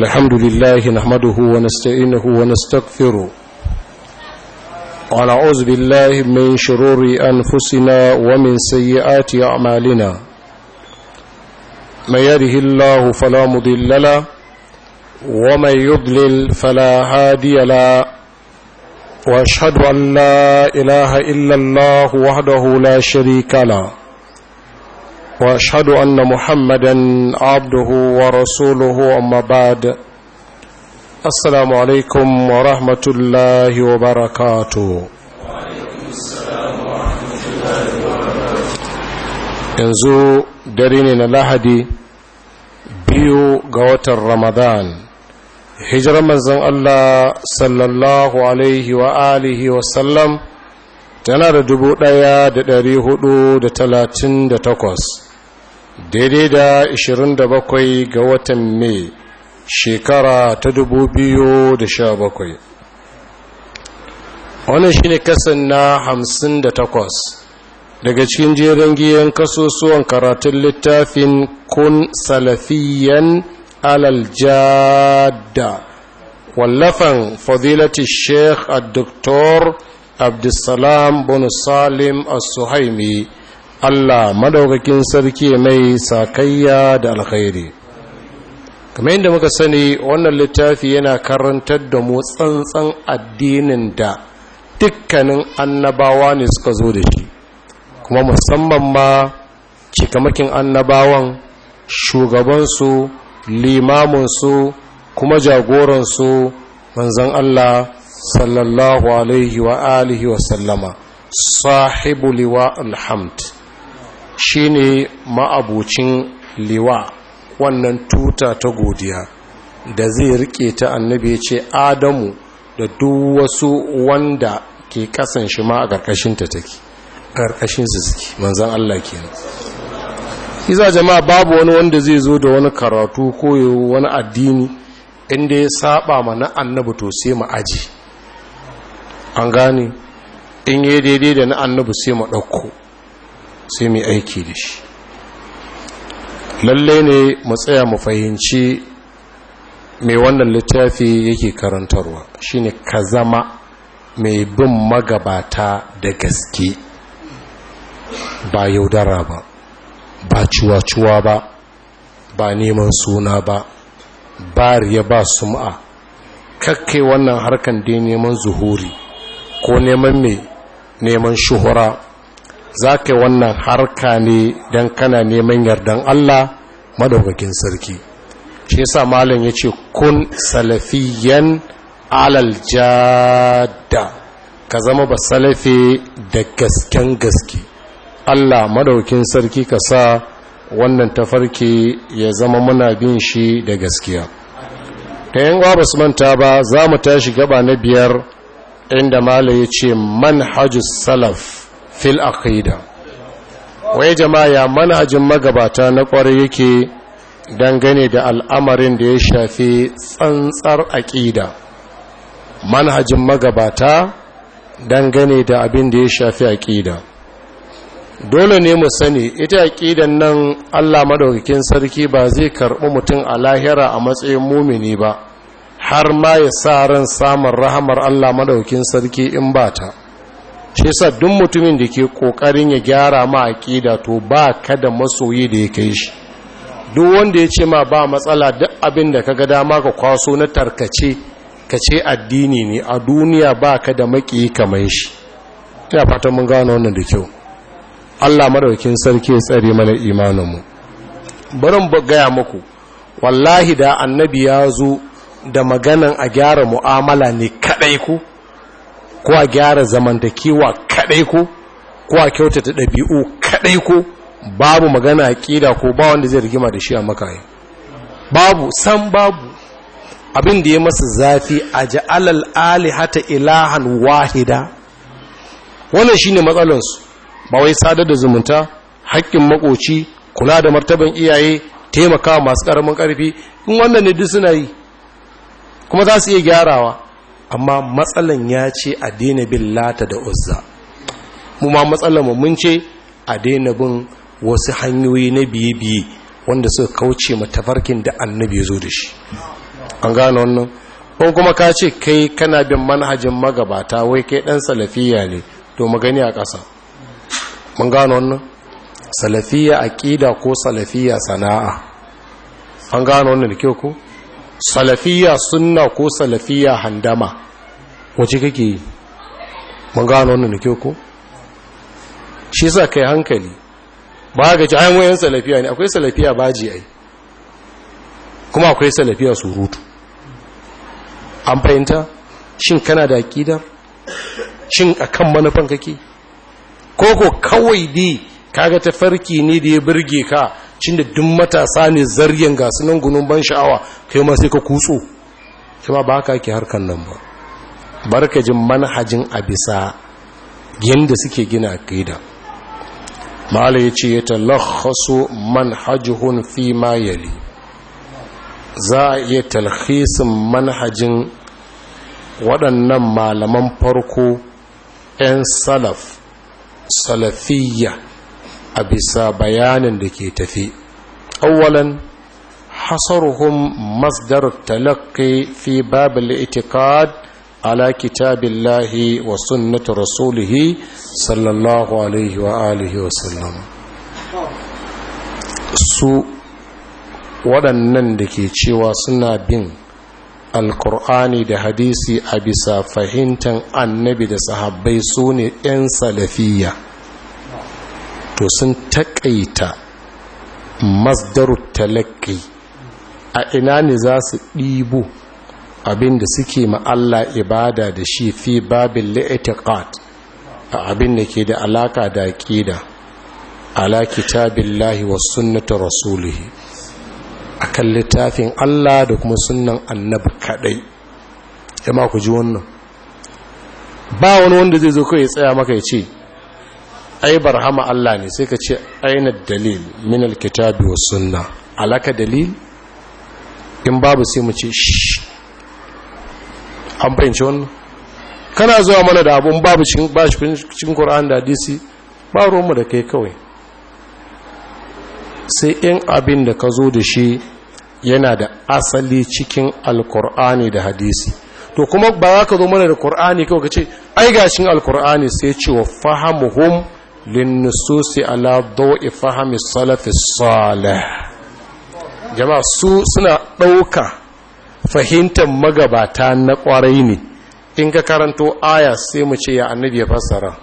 الحمد لله نحمده ونستعينه ونستغفره ونعوذ بالله من شرور أنفسنا ومن سيئات أعمالنا من يده الله فلا مضل له ومن يضلل فلا هادي له وأشهد أن لا إله إلا الله وحده لا شريك له واشهد ان محمدا عبده ورسوله اما بعد السلام عليكم ورحمه الله وبركاته yanzu dare ne na lahadi biyu ga watan ramadan hijirar manzon allah sallallahu alaihi wa alihi sallam tana da dubu ɗaya da dari hudu da talatin da takwas daidai da 27 ga watan mai shekara ta 2017 wannan shi ne kasan na 58 daga cikin jerin giyan kasusuwan karatun littafin kun salafiyan alaljada wallafan fadilati sheikh a doktor abdulsalam bonusalim salim suhaimi Allah madaukakin sarki mai sakayya da alkhairi kamar yadda muka sani wannan littafi yana karantar da mu tsantsan addinin da dukkanin annabawa ne suka zo da shi kuma musamman ma cikamakin annabawan shugabansu limaminsu kuma jagoransu manzan Allah sallallahu alaihi wa alihi wa sallama sahibu liwa alhamd Shi ne ma'abucin liwa wannan tuta ta godiya da zai rike ta annabi ce adamu da duk wasu wanda ke kasan shi ma a ƙarƙashinta take ƙarƙashin su suke manzan Allah kenan iza jama'a babu wani wanda zai zo da wani karatu ko wani addini inda ya saba mana annabi to sai mu aji an gane in yi daidai da na annabi sai mu ɗauko sai mai aiki da shi lalle ne mu tsaya mu fahimci mai wannan littafi yake karantarwa shine ka zama mai bin magabata da gaske ba yaudara ba ba cuwa-cuwa ba ba neman suna ba ba riya ba sum'a kakkai wannan harkar dai neman zuhuri ko neman mai neman shuhura za ka wannan harka ne don kana neman yardan Allah madaukakin sarki shi yasa malam ya ce kun salafiyan alal jada ka zama ba salafi da gasken gaske Allah madaukakin sarki ka sa wannan tafarki ya zama muna bin shi da gaskiya ta yin ba su manta ba za mu tashi gaba na biyar inda malam ya ce manhajus salaf fil aqida wai jama'a manhajin magabata na kwarai yake dangane da al'amarin da ya shafi tsantsar aqida manhajin magabata dangane da abin da ya shafi aqida dole ne mu sani ita aqidan nan Allah madaukakin sarki ba zai karɓi mutum a lahira a matsayin mumini ba har ma ya sa ran samun rahamar Allah madaukakin sarki in ba ta shi sa duk mutumin da ke kokarin ya gyara ma aqida to ba ka da masoyi da ya kai shi duk wanda ya ce ma ba matsala duk abin da ga dama ka kwaso na tarkace ka ce addini ne a duniya ba ka da maki kamar shi ina fatan mun gano wannan da kyau Allah madaukin sarki ya tsare mana imaninmu barin gaya muku wallahi da annabi ya zo da maganan a gyara mu'amala ne kaɗai ku ko a gyara zamantakewa kadai ko ko a kyautata ɗabi'u kadai ko babu magana aƙida ko ba wanda zai rigima da shi a makayi babu san babu abin da ya masa zafi a ja'alal alihata ilahan wahida wannan shine matsalansu ba wai sadar da zumunta haƙƙin makoci kula da martaban iyaye taimakawa masu ƙaramin ƙarfi in wannan ne duk suna yi kuma za su iya gyarawa amma matsalan ya ce a daina bin lata da uzza mu ma matsalan mu mun ce a daina bin wasu hanyoyi na biye-biye wanda suka kauce ma tafarkin da annabi ya zo da shi an gane wannan ko kuma ka ce kai kana bin manhajin magabata wai kai dan salafiya ne to magani a ƙasa mun gane wannan salafiya aqida ko salafiya sana'a an gane wannan da kyau ko salafiya sunna ko salafiya handama wace kake yi mun gano wannan da ko shi sa kai hankali ba ga ci ayin wayan salafiya ne akwai salafiya baji ai kuma akwai salafiya surutu an fahimta shin kana da akidar shin akan manufan kake koko kawai dai kaga tafarki ne da ya birge ka cin da duk matasa ne zargin gasu nan gunun ban sha'awa kai ma sai ka kutso kuma ba haka ke harkan nan ba barka jin manhajin a bisa yadda suke gina aqida mala yace ya talakhasu manhajuhun fi ma yali za a iya talhisin manhajin waɗannan malaman farko 'yan salaf salafiyya a bisa bayanin da ke tafi awwalan hasaruhum masdar talaqqi fi bab itikad ala kitabillahi wa sunnati rasulih sallallahu alaihi wa alihi wa sallam su waɗannan da ke cewa suna bin alkur'ani da hadisi a bisa fahimtar annabi da sahabbai su ne 'yan salafiyya to sun takaita masdarut talakki a ina ne za su ɗibo abinda da suke ma'alla ibada da shi fi babin li'itiqat a abin ke da alaka da ƙida ala kitabillahi wa sunnata rasulihi kan littafin Allah da kuma sunnan annabi kadai ma ku ji wannan ba wani wanda zai zo kai ya tsaya maka ya ce ai barhama Allah ne sai ka ce aina dalil min alkitabi wa sunna alaka dalil in babu sai mu ce shi an fahimci wannan kana zuwa mana da abun babu cikin cikin Qur'an da hadisi ba mu da kai kawai sai in abin da ka zo da shi yana da asali cikin alkur'ani da hadisi to kuma ba za ka zo mana da kur'ani kawai ka ce ai gashin alkur'ani sai ce wa fahamuhum linnususi ala dawi fahimi salafi salih jama'a su suna ɗauka fahimtar magabata na ƙwarai ne in ka karanta aya sai mu ce ya annabi ya fassara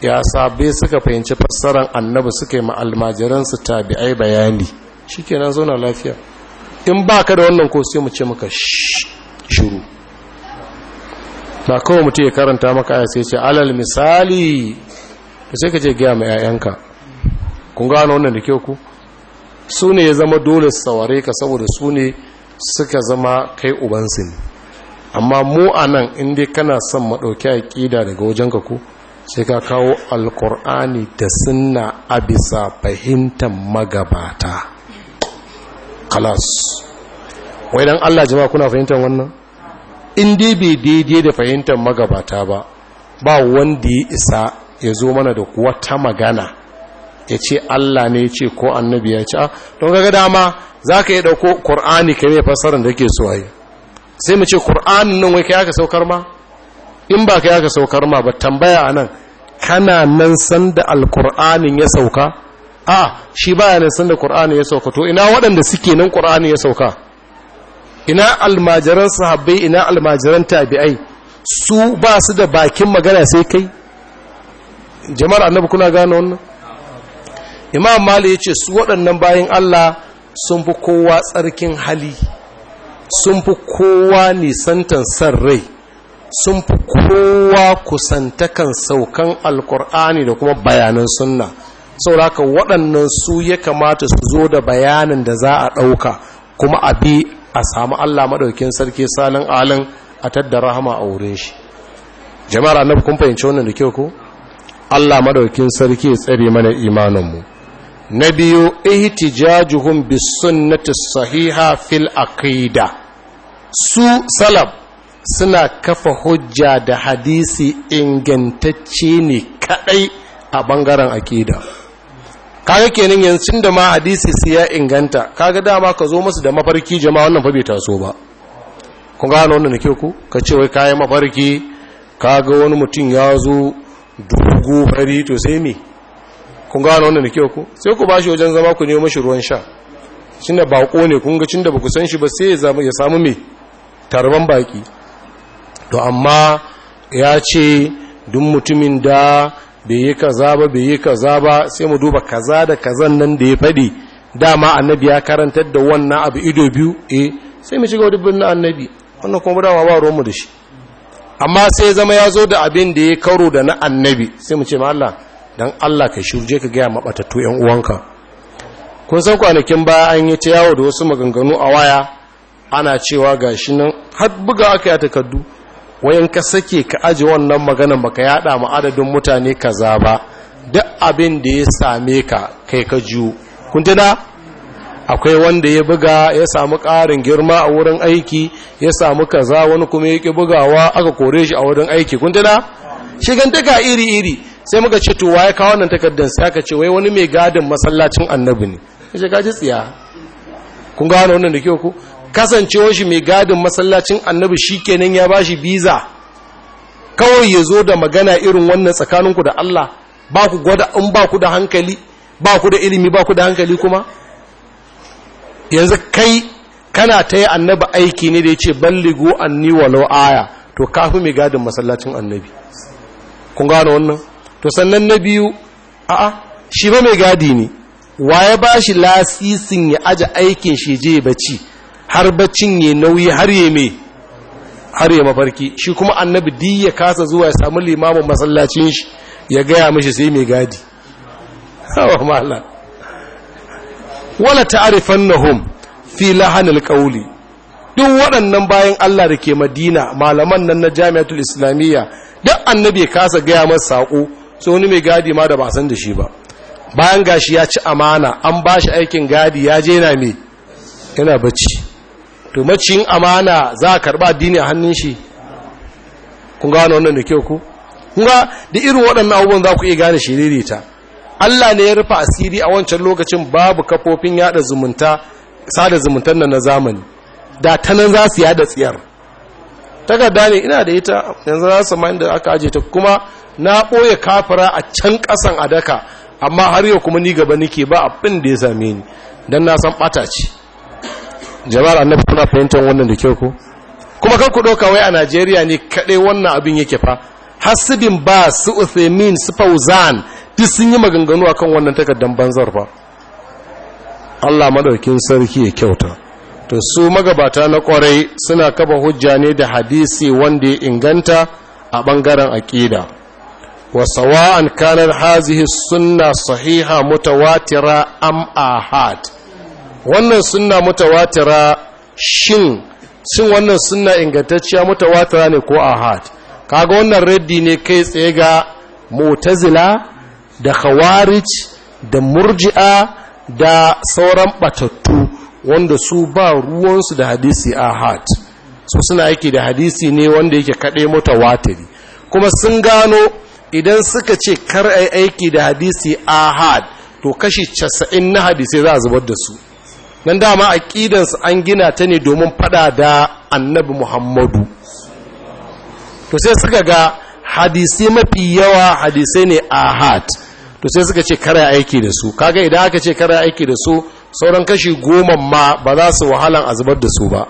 ya sabe suka fahimci fassaran annabi suka yi ma'almajiransu tabi'ai bayani shi kenan zauna lafiya in ba ka da wannan ko sai mu ce maka shuru ba kawai mutum ya karanta maka aya sai ce alal misali sai ka je gaya ma 'ya'yanka kun gano wannan da kyau ku su ne ya zama dole su saware ka saboda su ne suka zama kai ubansu ne amma mu a nan inda kana son maɗauki a ƙida daga wajenka ku sai ka kawo alkur'ani da sunna abisa bisa fahimtar magabata kalas wai don allah jima kuna fahimtar wannan in dai bai daidai da fahimtar magabata ba ba wanda ya isa ya zo mana da wata magana ya ce Allah ne ya ce ko annabi ya ce ah, don kaga dama za ka yi ɗauko ƙur'ani ka mai fasarar da ke so ayi sai mu ce ƙur'anin nan wai ka yaka saukar ma in ba ka yaka saukar ma ba tambaya a nan kana nan san da alƙur'anin ya sauka a shi baya nan san da ƙur'anin ya sauka to ina waɗanda suke nan ƙur'anin ya sauka ina almajiran sahabbai ina almajiran tabi'ai su ba su da bakin magana sai kai jama'ar annabi kuna gano wannan imam mali ya ce su waɗannan bayan allah sun fi kowa tsarkin hali sun fi kowa nisantan san rai sun fi kowa kusantakan saukan alkur'ani da kuma bayanan sunna sauraka waɗannan su ya kamata su zo da bayanin da za a ɗauka kuma abi a samu allah maɗaukin sarki salin alin a tattara rahama a wurin shi jama'ar annabi kun fahimci wannan da kyau ko Allah madaukin sarki ya tsare mana imaninmu na biyu ihtijajuhum bis sunnati sahiha fil aqida su salaf suna kafa hujja da hadisi ingantacce ne kadai a bangaren aqida kaga kenan yanzu da ma hadisi su ya inganta kaga dama ka zo musu da mafarki jama'a wannan fa bai taso ba kun gano wannan nake ku ka ce wai kayan mafarki kaga wani mutum ya zo dogo fari to sai me kun gano wannan da kyau ko sai ku bashi wajen zama ku nemo mashi ruwan sha shi bako ne kun ga cinda san shi ba sai ya samu me tarban baki to amma ya ce duk mutumin da bai yi kaza ba bai yi kaza ba sai mu duba kaza da kazan nan da ya fadi dama annabi ya karantar da wannan abu ido biyu eh sai mu shiga wani birnin annabi wannan kuma dama ba ruwanmu da shi amma sai zama ya zo da abin da ya karo da na annabi sai mu ce ma Allah dan Allah ka shirje ka gaya mabatattu yan uwanka kun san kwanakin baya an yi ta yawo da wasu maganganu a waya ana cewa gashi nan har buga aka yi takardu wayan ka sake ka aje wannan maganan baka yada ma adadin mutane kaza ba duk abin da ya same ka kai ka jiyo kun tana akwai wanda ya buga ya samu ƙarin girma a wurin aiki ya samu kaza wani kuma ya ƙi bugawa aka kore shi a wurin aiki kun tuna shigantaka iri-iri sai muka ce to waye kawo nan takardar sai aka ce wai wani mai gadin masallacin annabi ne ya ce ji tsiya kun gano wannan da ke ku kasancewar shi mai gadin masallacin annabi shi kenan ya ba shi biza kawai ya zo da magana irin wannan tsakaninku da Allah ba ku gwada in ba ku da hankali ba ku da ilimi ba ku da hankali kuma yanzu kai kana ta yi annaba aiki ne da ya ce balligo anni walau aya to kafi mai gadin masallacin annabi kun gano wannan to sannan na biyu a'a shi ba mai gadi ne waye ba shi lasisin ya aji aikin shi je bacci har baccin ya nauyi har ya mai har ya mafarki shi kuma annabi di ya kasa zuwa ya samu limamin masallacin shi ya gaya mashi sai mai gadi hawa wala ta'rifannahum fi lahanil qawli duk waɗannan bayan Allah da ke Madina malaman nan na Jami'atul Islamiyya duk annabi ya kasa gaya masa sako so wani mai gadi ma da ba san da shi ba bayan gashi ya ci amana an bashi aikin gadi ya je na me yana bacci to macin amana za a karba addini a hannun shi kun gano wannan da kyau ku kun ga da irin waɗannan abubuwan za ku iya gane shiririta Allah ne ya rufe asiri a wancan lokacin babu kafofin yada zumunta sada zumuntan nan na zamani da ta nan za su yada tsiyar takarda ne ina da ita yanzu za su da aka aje ta kuma na ɓoye kafira a can ƙasan daka amma har yau kuma ni gaba nike ba abin da ya same ni don na san ɓata ce jama'ar annabi kuna fahimtar wannan da kyau ko kuma kan ku ɗauka wai a najeriya ne kaɗai wannan abin yake fa hasibin ba su uthemin su fauzan duk sun yi maganganu akan wannan takardar banzar ba Allah madaukin sarki ya kyauta to su magabata na kwarai suna kaba hujja ne da hadisi wanda ya inganta a bangaren aqida wa sawa'an kanar hazihi sunna sahiha mutawatira am ahad wannan sunna mutawatira shin shin wannan sunna ingantacciya mutawatira ne ko ahad kaga wannan raddi ne kai tsaye ga mu'tazila da khawarij da murji'a da sauran batattu wanda su ba ruwansu da hadisi ahad su suna yake da hadisi ne wanda yake kaɗai mota watiri kuma sun gano idan suka ce kar a aiki da hadisi ahad to kashi casa'in na hadisi za a zubar da su nan dama aƙidansu an gina ta ne domin fada da annabi muhammadu to sai suka ga hadisi mafi yawa hadisai ne ahad to sai suka ce kare aiki da su kaga idan aka ce kare aiki da su sauran kashi goma ma ba za su wahalan a zubar da su ba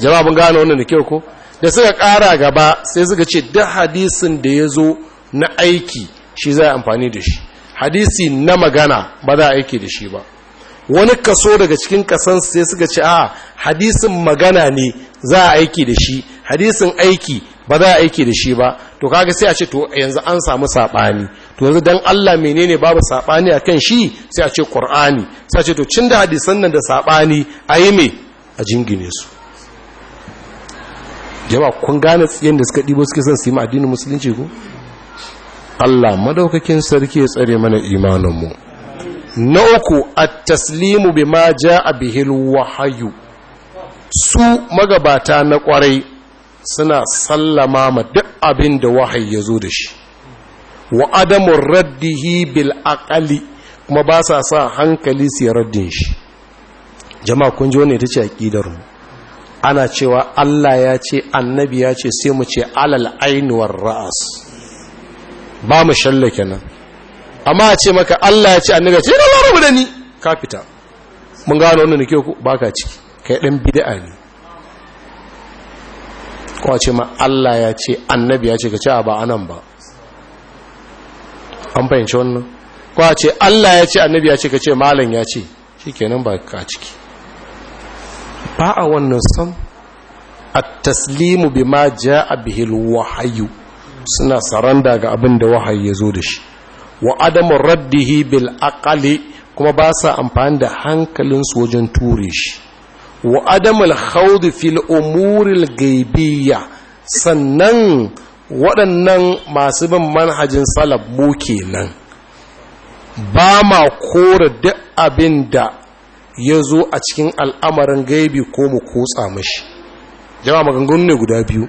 jawabin mun gane wannan da kyau ko da suka kara gaba sai suka ce duk hadisin da ya zo na aiki shi za a amfani da shi hadisi na magana ba za a aiki da shi ba wani kaso daga cikin kasan sai suka ce a hadisin magana ne za a aiki da shi hadisin aiki ba za a aiki da shi ba to kaga sai a ce to yanzu an samu saɓani to yanzu dan Allah menene babu sabani akan shi sai a ce Qur'ani sai a ce to cin da hadisan nan da sabani ayi me a jingine su jama'a kun gane tsiyen da suka dibo suke son su yi ma addinin musulunci ko Allah madaukakin sarki ya tsare mana imanin mu na uku at-taslimu bima jaa bihi al-wahyu su magabata na kwarai suna sallama ma duk abin da wahayi ya zo da shi wa adamun raddihi bil aqali kuma ba sa sa hankali su ya raddin shi jama'a kun ji wannan ita ce aqidar mu ana cewa Allah ya ce annabi ya ce sai mu ce alal ainuwar ra'as ba mu shallake nan amma a ce maka Allah ya ce annabi ya ce ina larabu da ni ka fita mun gano wannan nake ku baka ciki kai dan bid'a ne ko a ce ma Allah ya ce annabi ya ce ka ce ba anan ba an fahimci wannan ko a ce Allah ya ce annabi ya ce ka ce malam ya ce shikenan ba ka ciki ba a wannan san at-taslimu bima jaa bihi al-wahyu suna saranda ga abin da wahayi ya zo da shi wa adamu raddihi bil aqali kuma ba sa amfani da hankalinsu wajen ture shi wa adamul khawd fil umuril gaibiyya sannan waɗannan masu bin manhajin salaf mu kenan ba ma kora duk abin da ya zo a cikin al'amarin gaibi ko mu kotsa mashi jama maganganu ne guda biyu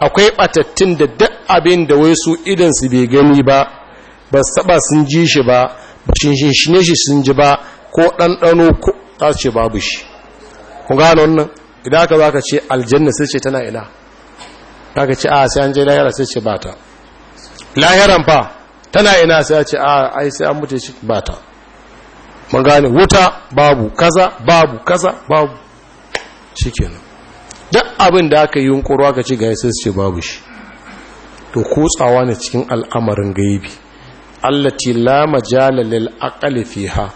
akwai ɓatattun da duk abin da wai su idansu bai gani ba ba saba sun ji shi ba ba shinshine shi sun ji ba ko ɗanɗano ko ta ce babu shi ku gano wannan idan aka za ce aljanna sai ce tana ina aka ce a ah, sai an je lahira sai ce bata lahiran fa tana ina sai a ce a ah, ai sai an mutu shi bata mun gane wuta babu kaza babu kaza babu shikenan duk abin da aka yi yunkuru aka ci gaya sai su ce babu shi to kutsawa ne cikin al'amarin gaibi allati la majala lil aqli fiha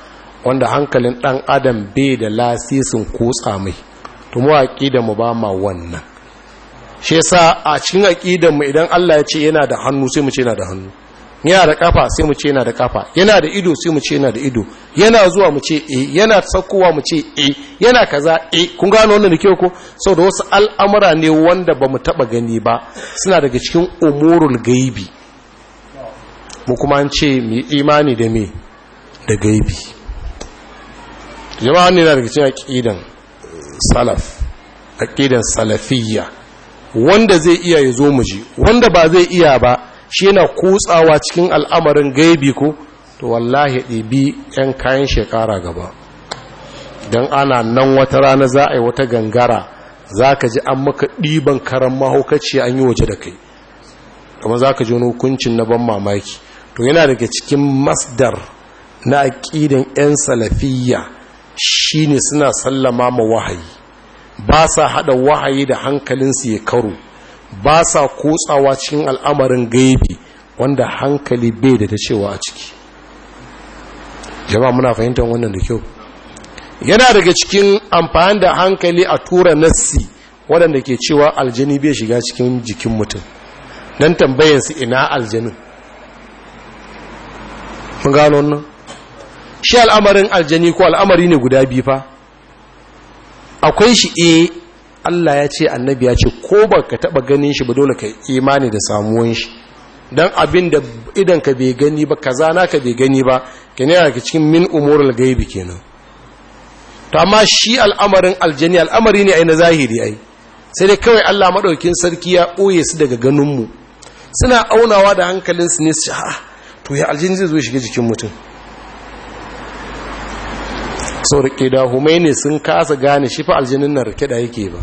wanda hankalin dan adam bai da lasisin kutsa mai to mu aqida mu ba ma wannan shi yasa a cikin aqidan mu idan Allah ya ce yana da hannu sai mu ce yana da hannu yana da kafa sai mu ce yana da kafa yana da ido sai mu ce yana da ido yana zuwa mu ce eh yana saukowa mu ce eh yana kaza eh kun gano wannan dake ko saboda wasu al'amura ne wanda bamu taba gani ba suna daga cikin umurul gaibi mu kuma an ce mu imani da me da gaibi jama'a ne na daga cikin aqidan salaf aqidan salafiyya wanda zai iya ya zo mu ji wanda ba zai iya ba shi yana kutsawa cikin al'amarin gaibi ko to wallahi ɗibi 'yan kayan shekara gaba don ana nan wata rana za a yi wata gangara za ka ji an maka ɗiban karan mahaukaci an yi waje da kai kuma za ka ji wani hukuncin na ban mamaki to yana daga cikin masdar na aƙidan 'yan salafiyya shine suna sallama ma wahayi ba sa hada wahayi da hankalinsu ya karo ba sa kotsawa cikin al'amarin gaibi wanda hankali bai da ta cewa a ciki jama'a muna fahimtar wannan da kyau yana daga cikin amfani da hankali a tura nassi waɗanda ke cewa aljini bai shiga cikin jikin mutum don tambayansu ina aljinin mun gano wannan shi al'amarin aljani ko al'amari ne guda biyu fa akwai shi e Allah ya ce annabi ya ce ko ba ka taɓa ganin shi ba dole ka imani da samuwan shi don abin da idan ka bai gani ba kaza na ka bai gani ba ke ne cikin min umurul gaibi kenan to amma shi al'amarin aljani al'amari ne ai na zahiri ai sai dai kawai Allah maɗaukin sarki ya ɓoye su daga ganinmu suna aunawa da hankalinsu ne su to ya aljani zai zo shiga jikin mutum sau da ƙida humaini sun kasa gane shi fa aljinin na rikida yake ba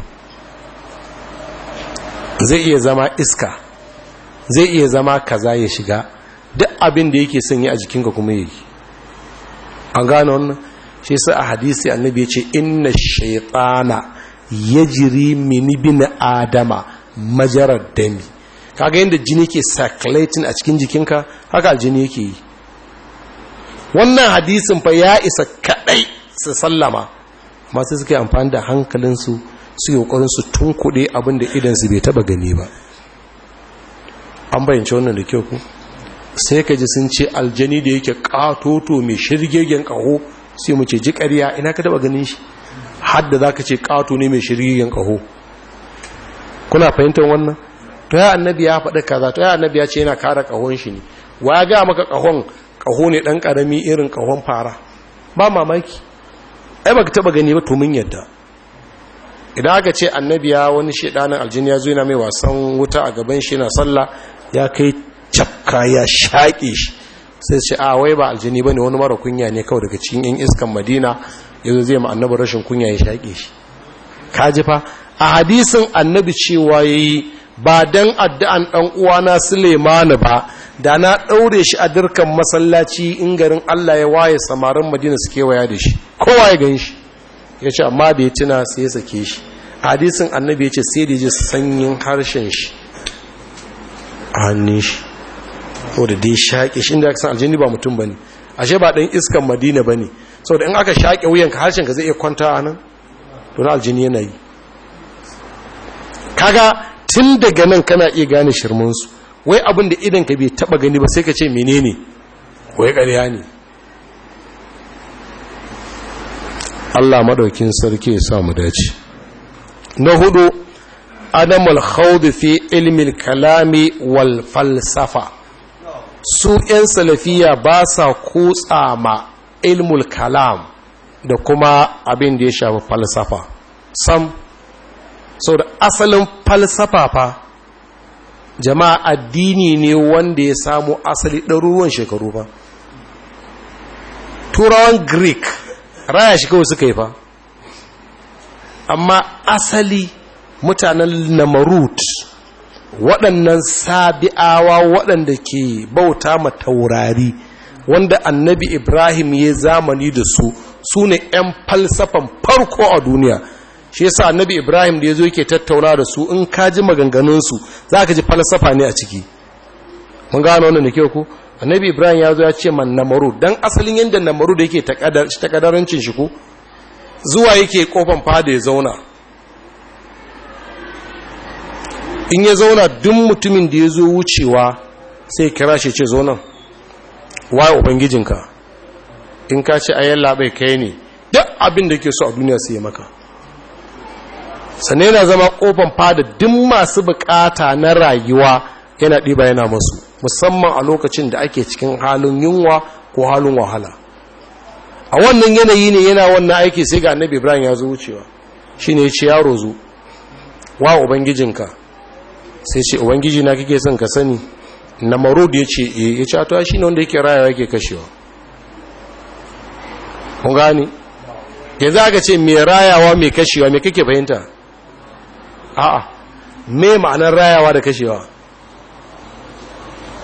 zai iya zama iska zai iya zama kaza ya shiga duk abin da yake son yi a jikinka kuma yi A gano wannan shi sa a hadisi annabi ya ce inna shaitana ya jiri mini bin adama majarar dami kaga yadda jini ke circulating a cikin jikinka haka aljini yake yi wannan hadisin fa ya isa ka. su sallama amma suke amfani da hankalinsu su yi kokarin su tunkuɗe abin da idansu bai taɓa gani ba an bayyance wannan da kyau ku sai ka ji sun ce aljani da yake ƙatoto mai shirgegen kaho sai mu ce ji ƙarya ina ka taɓa ganin shi hadda za ka ce ƙato ne mai shirgegen kaho kuna fahimtar wannan to ya annabi ya faɗi kaza to ya annabi ya ce yana kara kahon shi ne wa ya gaya maka kahon ƙaho ne ɗan ƙarami irin kahon fara ba mamaki ai ka taba gani ba to mun yadda idan aka ce annabi ya wani shedanin aljini ya zo yana mai wasan wuta a gaban shi yana sallah ya kai cafka ya shaƙe shi sai ce a wai ba aljini bane wani mara kunya ne kawai daga cikin yan iskan madina yazo zai ma annabi rashin kunya ya shaƙe shi Ka ji fa a hadisin annabi cewa yayi ba dan addu'an dan uwana Sulemanu ba da na ɗaure shi a dirkan masallaci in garin Allah ya waye samarin madina su kewaya da shi kowa ya gan shi ya ce amma bai tuna sai ya sake shi hadisin annabi ya ce sai da ji sanyin harshen shi a hannun shi ko da dai shaƙe shi inda ya kasan aljini ba mutum ba ne ashe ba ɗan iskan madina ba ne saboda in aka shaƙe ka harshen ka zai iya kwanta a nan to na aljini yana yi kaga tun daga nan kana iya gane shirmansu wai abin da idan ka bai taba gani ba sai ka ce menene wai ƙarya ne Allah madaukin sarki ya samu dace na hudu adam al fi ilmi kalami wal falsafa su yan salafiya ba sa kutsa ma ilmul kalam da kuma abin da ya shafi falsafa sam sau da asalin falsafa fa jama'a addini ne wanda ya samu asali ɗaruruwan shekaru ba turawan greek raya shi kawai suka yi fa amma asali mutanen namarut waɗannan sabi'awa waɗanda ke bauta ma taurari wanda annabi ibrahim ya zamani da su su ne 'yan falsafan farko a duniya shi yasa annabi ibrahim da ya zo yake tattauna da su in ka ji maganganunsu za ka ji falsafa ne a ciki mun gano wannan da kyau ku annabi ibrahim ya zo ya ce man namaru dan asalin yadda namaru da yake takadarancin shi ko zuwa yake kofan fada ya zauna in ya zauna duk mutumin da ya zo wucewa sai kira shi ce zo nan waye ubangijinka in ka ce ayyalla bai kai ne duk abin da ke so a duniya su ya maka sannan yana zama kofan fada duk masu bukata na rayuwa yana ɗiba yana masu musamman a lokacin da ake cikin halin yunwa ko halin wahala a wannan yanayi ne yana wannan aiki sai ga annabi ibrahim ya zo wucewa shi ne ce yaro zo wa ubangijinka sai ce ubangiji na kake son ka sani na marod ya ce e ya ce atuwa shi ne wanda yake rayawa yake kashewa kun gani yanzu aka ce mai rayawa mai kashewa mai kake fahimta a'a me ma'anar rayawa da kashewa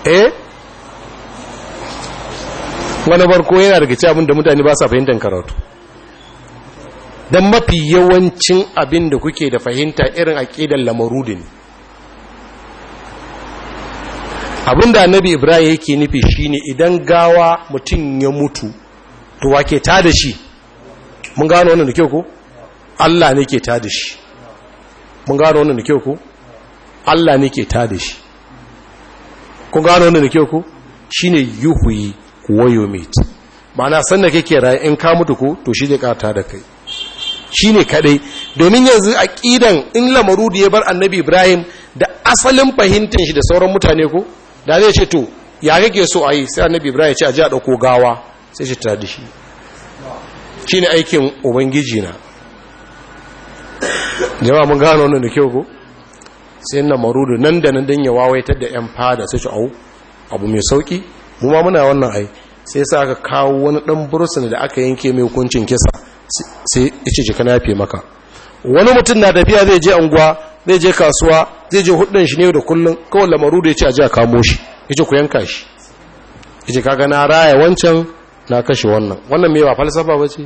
eh wani barko yana daga ci abinda mutane ba sa fahimtar karatu don mafi yawancin abin da kuke da fahimta irin aƙidar lamarudin ne abin annabi ibrahim yake nufi shine idan gawa mutum ya mutu to wake ta da shi mun gano wannan da kyau ko allah ne ke ta da shi mun gano wannan da kyau ku Allah ne ke ta da shi kun gano wannan da kyau ku shine yuhuyi wayo ma'ana sannan kake raye in ka mutu ku to shi zai kata da kai shine kadai domin yanzu aqidan in lamaru da ya bar annabi Ibrahim da asalin fahimtar shi da sauran mutane ku? da zai ce to ya kake so a yi sai annabi Ibrahim ya ce a ji a dauko gawa sai shi ta da shi shine aikin ubangiji na jama mun gano wannan da kyau ko sai na marudu nan da nan dan ya wawaitar da yan fada sai shi au abu mai sauki mu ma muna wannan ai sai sa aka kawo wani dan bursun da aka yanke mai hukuncin kisa sai ya ce jika na maka wani mutum na tafiya zai je anguwa zai je kasuwa zai je hudun shi ne da kullun kawai lamarudu da ya ce a ji a kamo shi ya ce ku yanka shi ya ce kaga na raya wancan na kashe wannan wannan mai ba falsafa ba ce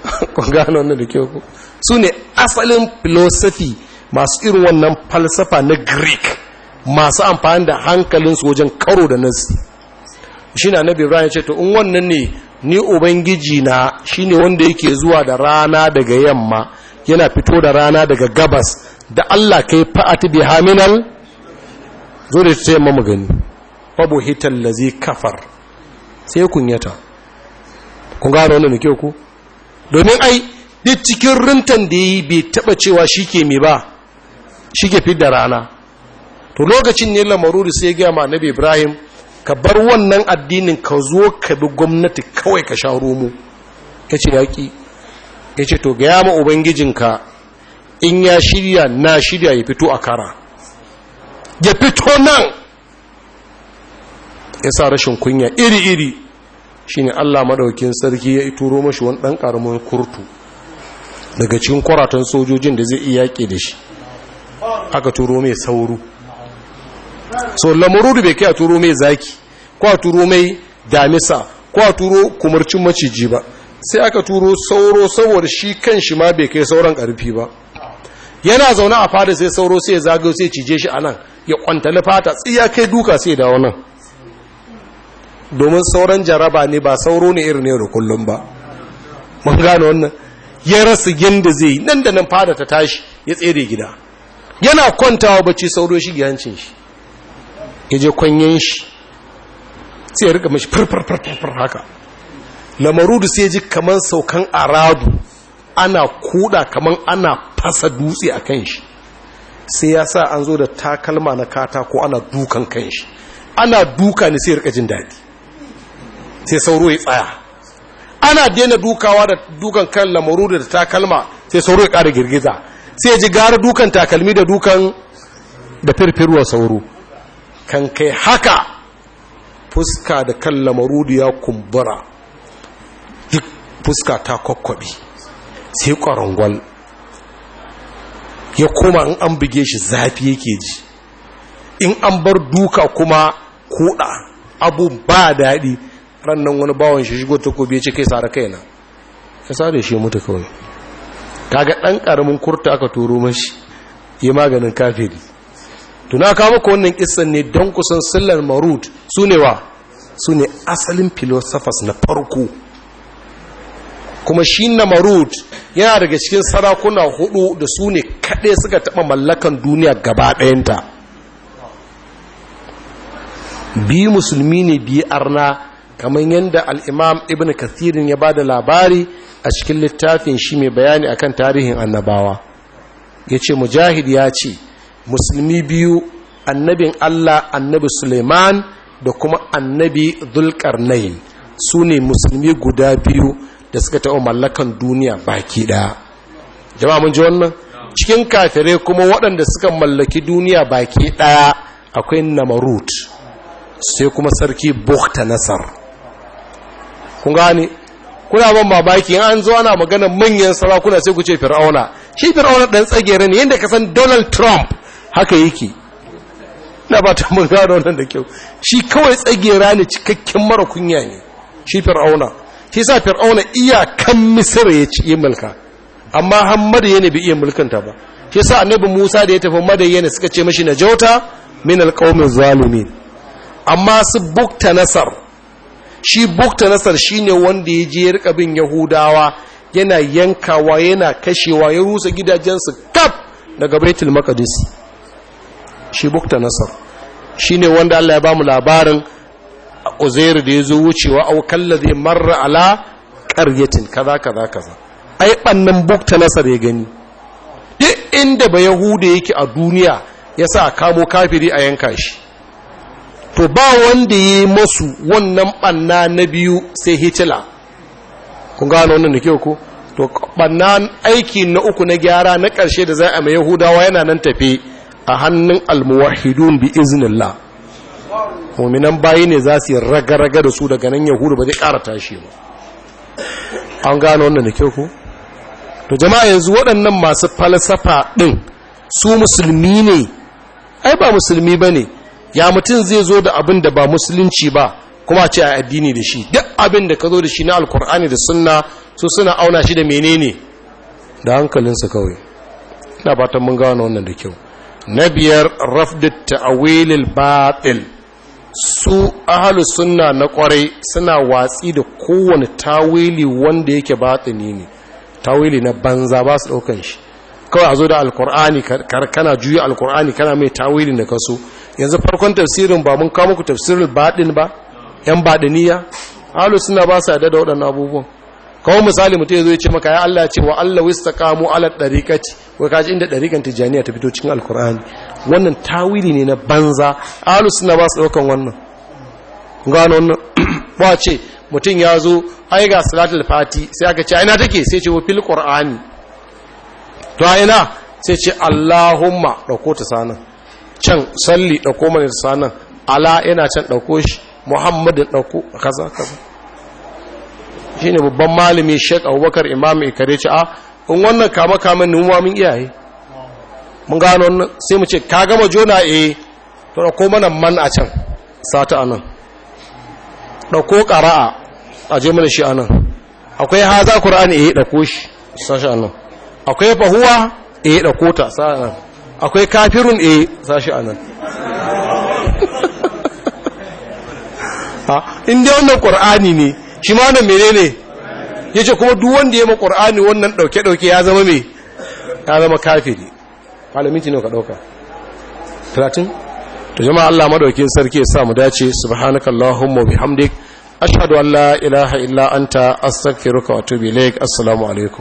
kun gano wannan da kyau ku su ne asalin philosophy masu irin wannan falsafa na greek masu amfani da hankalinsu wajen karo da nazi shi na nabi ibrahim ce to in wannan ne ni ubangiji na shi ne wanda yake zuwa da rana daga yamma yana fito da rana daga gabas da allah kai fa'ati bi haminal zo da yi mamu gani babu hitar lazi kafar sai kunyata kun gano wannan mai kyau ku domin ai duk cikin rintan da yi bai taba cewa shi ke mai ba shi ke fi da rana to lokacin ne lamaruri sai gaya ma nabi ibrahim ka bar wannan addinin ka zo ka bi gwamnati kawai ka sha romo ya ce yaƙi ya ce to gaya ma ubangijinka in ya shirya na shirya ya fito a kara ya fito nan ya sa rashin kunya iri-iri shine allah maɗaukin sarki ya turo mashi wani ɗan ƙaramin kurtu daga cikin kwaraton sojojin da zai iya yaƙi da shi aka turo mai sauro so lamurudu bai kai a turo mai zaki ko a turo mai damisa ko a turo kumarcin maciji ba sai aka turo sauro saboda shi kan shi ma bai kai sauran ƙarfi ba yana zaune a fada sai sauro sai ya zagayo sai cije shi a nan ya kwantali fata tsiya kai duka sai dawo nan domin sauran jaraba ne ba sauro ne irin ne da kullum ba mun gane wannan ya rasa yanda zai nan da nan fada ta tashi ya tsere gida yana kwantawa bacci sauro shi hancin shi ya je kwanyen shi sai ya rika mashi farfarfarfar haka lamarudu sai ji kaman saukan aradu ana kuda kaman ana fasa dutse a kan shi sai ya sa an zo da takalma na katako ana dukan kan shi ana duka ne sai ya rika jin daɗi sai sauro ya tsaya ana daina dukawa da dukan kan lamaru da takalma sai sauro ya ƙara girgiza sai ya ji gara dukan takalmi da dukan da firfirwa sauro kan kai haka fuska da kan lamaru da ya kumbura duk fuska ta kwakwabi sai ƙwarangwal ya koma in an buge shi zafi yake ji in an bar duka kuma kuɗa abu ba daɗi rannan wani bawon shi shigo ta kobe ce kai sare kaina ya sare shi mutu kawai kaga ɗan ƙaramin kurta aka turo mashi yi maganin kafiri tuna kawo maka wannan kissan ne don kusan sillar marut su ne wa su ne asalin philosophers na farko kuma shi na marut yana daga cikin sarakuna hudu da su ne kaɗai suka taɓa mallakan duniya gaba ɗayanta biyu musulmi ne biyu arna kamar yadda al'imam ibn kathirin ya ba da labari a cikin littafin shi mai bayani a kan tarihin annabawa ya ce mujahid ya ce musulmi biyu annabin allah annabi suleiman da kuma annabi zulkarnain su ne musulmi guda biyu da suka taɓa mallakan duniya baki ɗaya jama'a mun ji wannan cikin kafirai kuma waɗanda suka mallaki duniya baki ɗaya akwai namarut sai kuma sarki bukta nasar kun gane kuna ban babaki an zo ana magana manyan sarakuna sai ku ce fir'auna shi fir'auna dan tsagere ne yanda ka san Donald Trump haka yake na ba ta mun gano nan da kyau shi kawai tsagera ne cikakken mara kunya ne shi fir'auna shi sa fir'auna iyakan misir ya ci yi mulka amma hammad yana bi iya mulkanta ba shi sa annabi musa da ya tafi madayyana suka ce mashi na jauta min alqaumiz zalimin amma su bukta nasar shi bukta nasar shi ne wanda ya je rika bin yahudawa yana yankawa yana kashewa ya rusa gidajensu kaf daga baitul maqdis shi bukta nasar Shi ne wanda Allah ya bamu labarin Uzair da ya zo wucewa au kallazi marra ala qaryatin kaza kaza kaza ai bannan bukta nasar ya gani duk inda ba yahuda yake a duniya yasa kamo kafiri a yanka shi to ba wanda ya yi masu wannan ɓanna na biyu sai hitila kun gano wannan da ke ku? to ɓanna aiki na uku na gyara na ƙarshe da za a mai yahudawa yana nan tafe a hannun almuwahidun bi iznillah muminan bayi ne za su yi raga-raga da su daga nan yahudu ba zai ƙara tashi ba an gano wannan da ke ku? to jama'a yanzu waɗannan masu falsafa ɗin su musulmi ne ai ba musulmi ba ne ya mutum zai zo da abin da ba musulunci ba kuma ce a addini da shi duk abin da ka zo da shi na alkur'ani da sunna su suna auna shi da menene da hankalinsa kawai ina batan mun gano wannan da kyau na biyar rafdat ta'awilil batil su ahlus sunna na kwarai suna watsi da kowane tawili wanda yake batini ne tawili na banza ba su daukan shi kawai a zo da alkur'ani kana juya alkur'ani kana mai tawilin da kaso yanzu farkon tafsirin ba mun kawo muku tafsirin baɗin ba yan baɗiniya halu suna ba sa da waɗannan abubuwan kawai misali mutum ya zo ya ce maka ya Allah ce wa Allah wista kamo ala ɗariƙaci wai ji inda ɗarikan tijjaniya ta fito cikin alkur'ani wannan tawili ne na banza halu suna ba su ɗaukan wannan gano wannan ba ce mutum ya zo ai ga salatul fati sai aka ce aina take sai ce wa fil qur'ani to a ina sai ce Allahumma ɗauko ta sanan can salli ɗauko mana ta sanan ala yana can ɗauko shi Muhammadin ɗauko kaza kaza ne babban malami shek Abubakar imamu Ikare ce a ah, in wannan kama kama numa min iyaye mun gano wannan sai mu ce ka gama jona e. to ɗauko mana man a can sata a nan. ɗauko ƙara'a a je mana shi nan. akwai haza ƙura'an eh ɗauko shi sashi nan. akwai fahuwa eh, a yi ta sa nan akwai kafirun eh, a yi sashi a ha in wannan qur'ani ne shi ma nan ya yace kuma duk wanda ya ma qur'ani wannan ɗauke ɗauke ya zama mai ya zama kafiri malamin ne ka ɗauka. 30 to jama'a Allah madaukin sarki ya sa mu dace subhanakallahumma bihamdik ashhadu an la ilaha illa anta astaghfiruka wa atubu ilaik assalamu alaikum